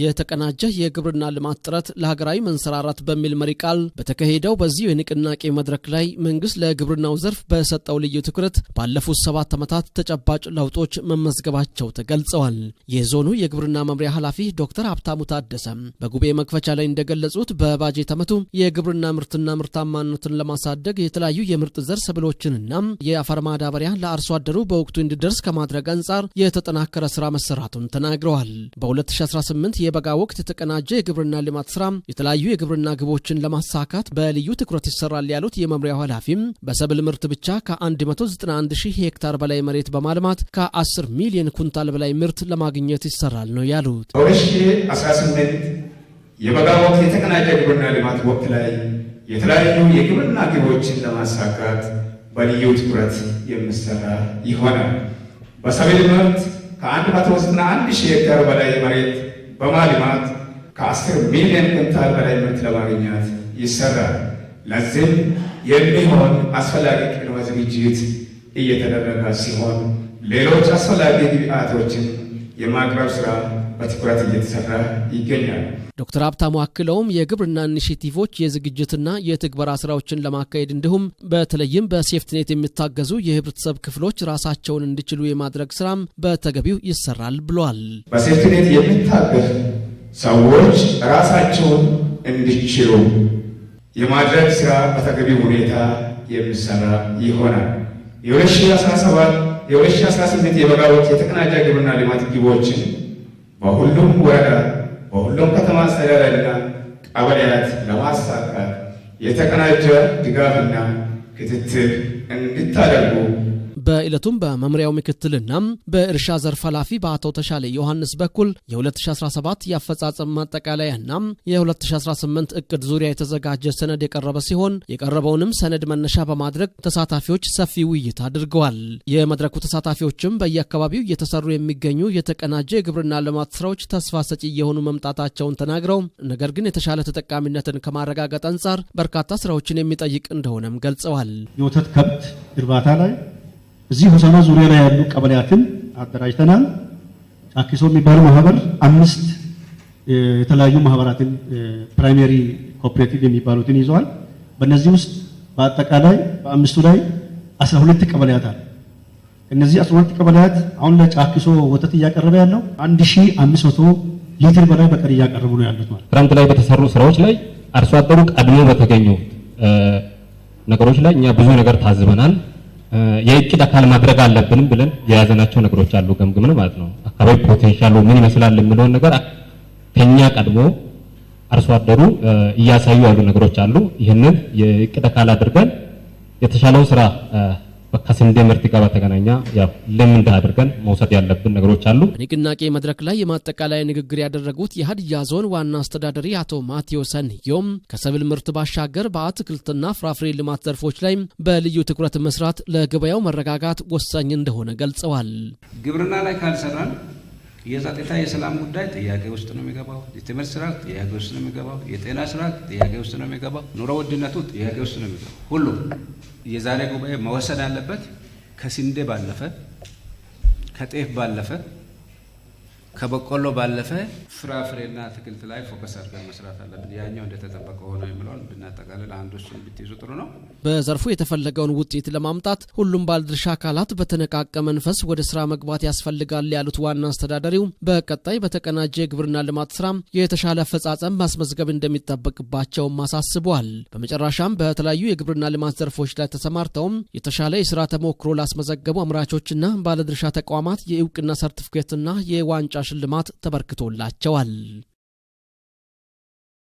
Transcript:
የተቀናጀ የግብርና ልማት ጥረት ለሀገራዊ መንሰራራት በሚል መሪ ቃል በተካሄደው በዚሁ የንቅናቄ መድረክ ላይ መንግስት ለግብርናው ዘርፍ በሰጠው ልዩ ትኩረት ባለፉት ሰባት ዓመታት ተጨባጭ ለውጦች መመዝገባቸው ተገልጸዋል። የዞኑ የግብርና መምሪያ ኃላፊ ዶክተር ሀብታሙ ታደሰ በጉባኤ መክፈቻ ላይ እንደገለጹት በባጀት ዓመቱ የግብርና ምርትና ምርታማነትን ለማሳደግ የተለያዩ የምርጥ ዘር ሰብሎችንና የአፈር ማዳበሪያ ለአርሶ አደሩ በወቅቱ እንዲደርስ ከማድረግ አንጻር የተጠናከረ ስራ መሰራቱን ተናግረዋል። በ2018 የበጋ ወቅት የተቀናጀ የግብርና ልማት ስራ የተለያዩ የግብርና ግቦችን ለማሳካት በልዩ ትኩረት ይሰራል ያሉት የመምሪያው ኃላፊም በሰብል ምርት ብቻ ከ191 ሺህ ሄክታር በላይ መሬት በማልማት ከ10 ሚሊዮን ኩንታል በላይ ምርት ለማግኘት ይሰራል ነው ያሉት። በ2018 የበጋ ወቅት የተቀናጀ ግብርና ልማት ወቅት ላይ የተለያዩ የግብርና ግቦችን ለማሳካት በልዩ ትኩረት የሚሰራ ይሆናል። በሰብል ምርት ከ191 ሺህ ሄክታር በላይ መሬት በውሃ ከአስር ሚሊዮን ኩንታል በላይ ምርት ለማግኘት ይሰራል። ለዚህም የሚሆን አስፈላጊ ቅድመ ዝግጅት እየተደረገ ሲሆን ሌሎች አስፈላጊ ግብዓቶችን የማቅረብ ስራ በትኩረት እየተሰራ ይገኛል። ዶክተር ሀብታሙ አክለውም የግብርና ኢኒሽቲቮች የዝግጅትና የትግበራ ስራዎችን ለማካሄድ እንዲሁም በተለይም በሴፍትኔት የሚታገዙ የህብረተሰብ ክፍሎች ራሳቸውን እንዲችሉ የማድረግ ስራም በተገቢው ይሰራል ብሏል። በሴፍትኔት የሚታገዙ ሰዎች ራሳቸውን እንዲችሉ የማድረግ ስራ በተገቢው ሁኔታ የሚሰራ ይሆናል። የ2017 የ2018 የበጋ የተቀናጀ ግብርና ልማት ግቦችን በሁሉም ወረዳ በሁሉም ከተማ አስተዳደርና ቀበሌያት ለማሳካት የተቀናጀ ድጋፍና ክትትል እንድታደርጉ በዕለቱም በመምሪያው ምክትልና በእርሻ ዘርፍ ኃላፊ በአቶ ተሻለ ዮሐንስ በኩል የ2017 የአፈጻጸም ማጠቃለያና የ2018 እቅድ ዙሪያ የተዘጋጀ ሰነድ የቀረበ ሲሆን የቀረበውንም ሰነድ መነሻ በማድረግ ተሳታፊዎች ሰፊ ውይይት አድርገዋል። የመድረኩ ተሳታፊዎችም በየአካባቢው እየተሰሩ የሚገኙ የተቀናጀ የግብርና ልማት ስራዎች ተስፋ ሰጪ እየሆኑ መምጣታቸውን ተናግረው ነገር ግን የተሻለ ተጠቃሚነትን ከማረጋገጥ አንጻር በርካታ ስራዎችን የሚጠይቅ እንደሆነም ገልጸዋል። የወተት ከብት እርባታ ላይ እዚህ ሆሳና ዙሪያ ላይ ያሉ ቀበሌያትን አደራጅተናል። ጫኪሶ የሚባል ማህበር አምስት የተለያዩ ማህበራትን ፕራይሜሪ ኮኦፕሬቲቭ የሚባሉትን ይዘዋል። በእነዚህ ውስጥ በአጠቃላይ በአምስቱ ላይ 12 ቀበሌያት አሉ። እነዚህ 12 ቀበሌያት አሁን ለጫኪሶ ወተት እያቀረበ ያለው 1500 ሊትር በላይ በቀን እያቀረቡ ነው ያሉት። ማለት ክረምት ላይ በተሰሩ ስራዎች ላይ አርሶ አደሩ ቀድሞ በተገኙ ነገሮች ላይ እኛ ብዙ ነገር ታዝበናል። የእቅድ አካል ማድረግ አለብንም ብለን የያዘናቸው ነገሮች አሉ ገምግመን ማለት ነው። አካባቢ ፖቴንሻሉ ምን ይመስላል የሚለውን ነገር ከኛ ቀድሞ አርሶ አደሩ እያሳዩ ያሉ ነገሮች አሉ። ይህንን የእቅድ አካል አድርገን የተሻለው ስራ ከስንዴ ምርት ጋር በተገናኛ ልምድ አድርገን መውሰድ ያለብን ነገሮች አሉ። በንቅናቄ መድረክ ላይ የማጠቃላይ ንግግር ያደረጉት የሀዲያ ዞን ዋና አስተዳዳሪ አቶ ማቴዎስ ሰንዮም ከሰብል ምርት ባሻገር በአትክልትና ፍራፍሬ ልማት ዘርፎች ላይ በልዩ ትኩረት መስራት ለገበያው መረጋጋት ወሳኝ እንደሆነ ገልጸዋል። ግብርና ላይ ካልሰራን የጸጥታ የሰላም ጉዳይ ጥያቄ ውስጥ ነው የሚገባው። የትምህርት ስርዓት ጥያቄ ውስጥ ነው የሚገባው። የጤና ስርዓት ጥያቄ ውስጥ ነው የሚገባው። ኑሮ ውድነቱ ጥያቄ ውስጥ ነው የሚገባው። ሁሉም የዛሬ ጉባኤ መወሰን ያለበት ከስንዴ ባለፈ ከጤፍ ባለፈ ከበቆሎ ባለፈ ፍራፍሬና አትክልት ላይ ፎከስ አድርገን መስራት አለብን። ያኛው እንደተጠበቀ ሆነ የሚለውን ብናጠቃልል አንዱ እሱን ብትይዙ ጥሩ ነው። በዘርፉ የተፈለገውን ውጤት ለማምጣት ሁሉም ባለድርሻ አካላት በተነቃቀ መንፈስ ወደ ስራ መግባት ያስፈልጋል ያሉት ዋና አስተዳዳሪው በቀጣይ በተቀናጀ የግብርና ልማት ስራ የተሻለ አፈጻጸም ማስመዝገብ እንደሚጠበቅባቸውም አሳስበዋል። በመጨረሻም በተለያዩ የግብርና ልማት ዘርፎች ላይ ተሰማርተውም የተሻለ የስራ ተሞክሮ ላስመዘገቡ አምራቾችና ባለድርሻ ተቋማት የእውቅና ሰርቲፊኬትና የዋንጫ ሽልማት ተበርክቶላቸዋል።